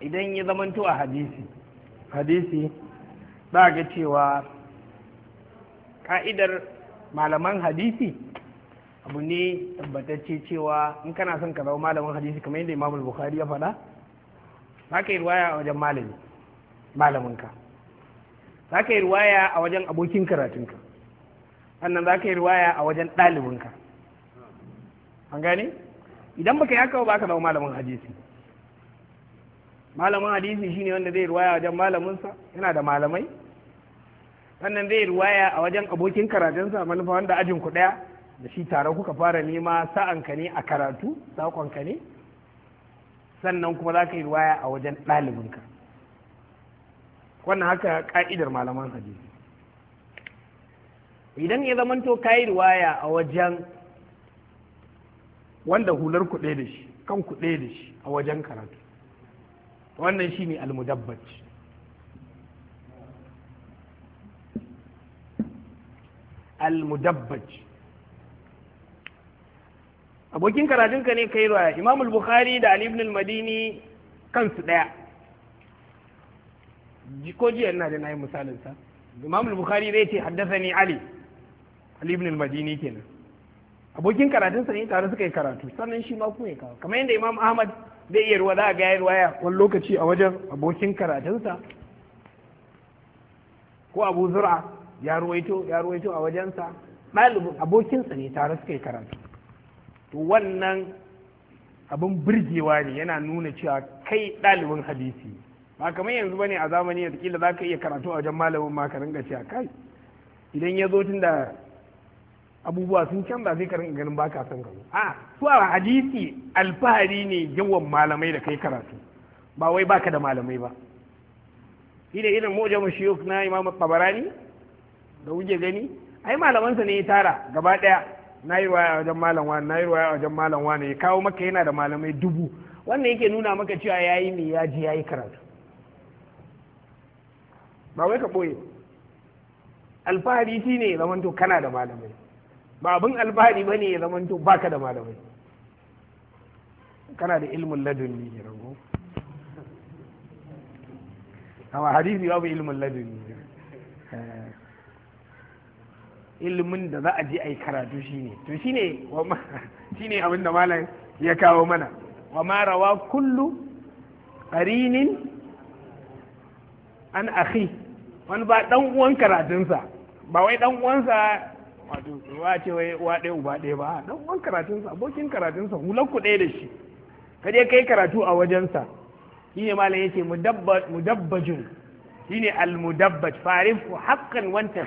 idan ya zamanto a hadisi hadisi za ga cewa ka'idar malaman hadisi abu ne tabbatacce cewa in kana son ka zama malamin hadisi kamar yadda imamul bukhari ya faɗa za ka yi ruwaya a wajen malami malaminka za ka yi ruwaya a wajen abokin karatunka sannan za ka yi ruwaya a wajen ɗalibinka an gane idan baka yi haka ba ka zama malamin hadisi malamin hadisi shine wanda zai ruwaya wajen malaminsa yana da malamai sannan zai ruwaya a wajen abokin karatunsa manufa wanda ajin ku daya da shi tare kuka fara nema sa'an ka ne a karatu sakon ka ne sannan kuma za ka yi ruwaya a wajen ɗalibinka wannan haka ka'idar malaman hadisi idan ya to ka yi ruwaya a wajen wanda hular ku da shi kan ku da shi a wajen karatu wannan shi ne almudabbaj almudabbaj abokin karatunka ne kai ruwa imam bukhari da ali ibn al-madini kansu daya ko jiya ina da nayi misalin sa imam bukhari zai ce haddathani ali ali ibn al-madini kenan abokin karatunsa ne tare suka yi karatu sannan shi ma kuma ya kawo kamar yadda imam ahmad zai iya ruwa za a gaya waya wani lokaci a wajen abokin karatunsa ko abu zura ya ruwaito ya ruwaito a wajensa ɗalibin abokinsa ne tare suka yi karatu to wannan abin birgewa ne yana nuna cewa kai ɗalibin hadisi ba kamar yanzu ba ne a zamani da kila za ka iya karatu a wajen malamin ma ka ringa cewa kai idan ya zo tun da abubuwa sun canza zai karin ganin ba ka son gano a su a hadisi alfahari ne yawan malamai da kai karatu ba wai baka da malamai ba shi da irin mu shiyuk na imam tabarani da wuce gani ai malamansa ne ya tara gaba daya na yi waya wajen malam wani na yi waya wajen malam wani ya kawo maka yana da malamai dubu wannan yake nuna maka cewa ya yi me ya ji yi karatu ba wai ka ɓoye alfahari shine zamanto kana da malamai ba abin alfahari ba ne ya zama to baka da malamai kana da ilmin ladunni ke rago amma hadisi babu ilmin ladunni eh. ilimin da za a je a yi karatu shine to shi ne abin da malam ya kawo mana wa ma rawa kullu ƙarinin an akhi wani ba dan uwan karatunsa ba wai dan uwansa wato ba ce wai uwa ɗaya uba ɗaya ba dan uwan karatunsa abokin karatunsa hular ku ɗaya da shi ka je kai karatu a wajensa shi ne malam yake mudabbajun shi ne almudabbaj farifu haƙƙan wanta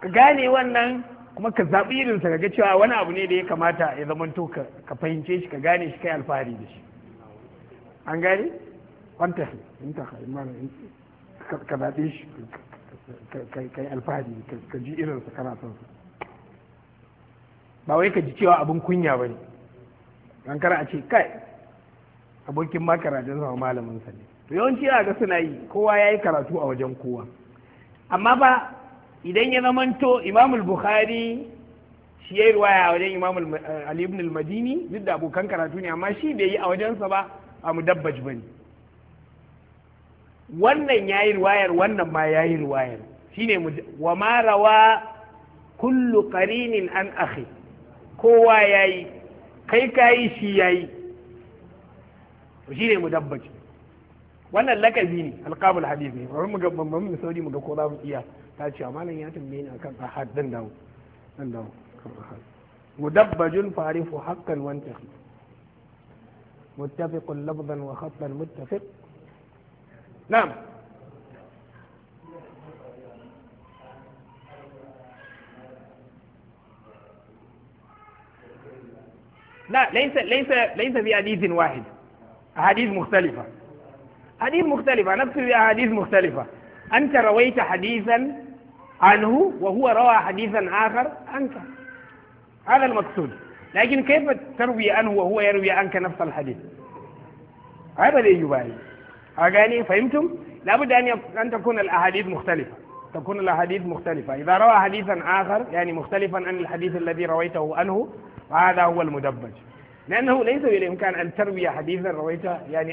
ka gane wannan kuma ka zaɓi irin sa kaga cewa wani abu ne da ya kamata ya zama to ka fahimce shi ka gane shi kai alfahari da shi an gane wanta ka zaɓe shi kai alfahari ka ji irinsa kana son su. ba wai ka ji cewa abin kunya ba ne an kara a ce kai abokin ma karatun malamin sa ne to yawanci a ga suna yi kowa ya yi karatu a wajen kowa amma ba idan ya zamanto imamul bukhari shi ya yi ruwaya a wajen imamul eh, ali madini duk da abokan karatu ne amma shi bai yi a wajensa ba a mu dabbaj ba ne wannan yayi riwayar wannan ma yayi riwayar shine wa ma rawa kullu qarinin an akhi kowa yayi kai yi shi yayi shine mudabbaji wannan lakazi ne alqabul hadith ne bari mu ga bambam mu sauri mu ga ko za mu iya ta ce malam ya tambaye ni akan ahad dan dawo dan dawo mudabbajun farifu haqqan wa intahi متفق لفظا وخطا متفق نعم لا ليس ليس ليس في حديث واحد أحاديث مختلفة حديث مختلفة في احاديث مختلفة أنت رويت حديثا عنه وهو روى حديثا آخر عنك هذا المقصود لكن كيف تروي عنه وهو يروي عنك نفس الحديث هذا لا يبالي أغاني فهمتم لابد أن أن تكون الأحاديث مختلفة تكون الأحاديث مختلفة إذا روى حديثا آخر يعني مختلفا عن الحديث الذي رويته عنه فهذا هو المدبج لأنه ليس بالإمكان أن تروي حديثا رويته يعني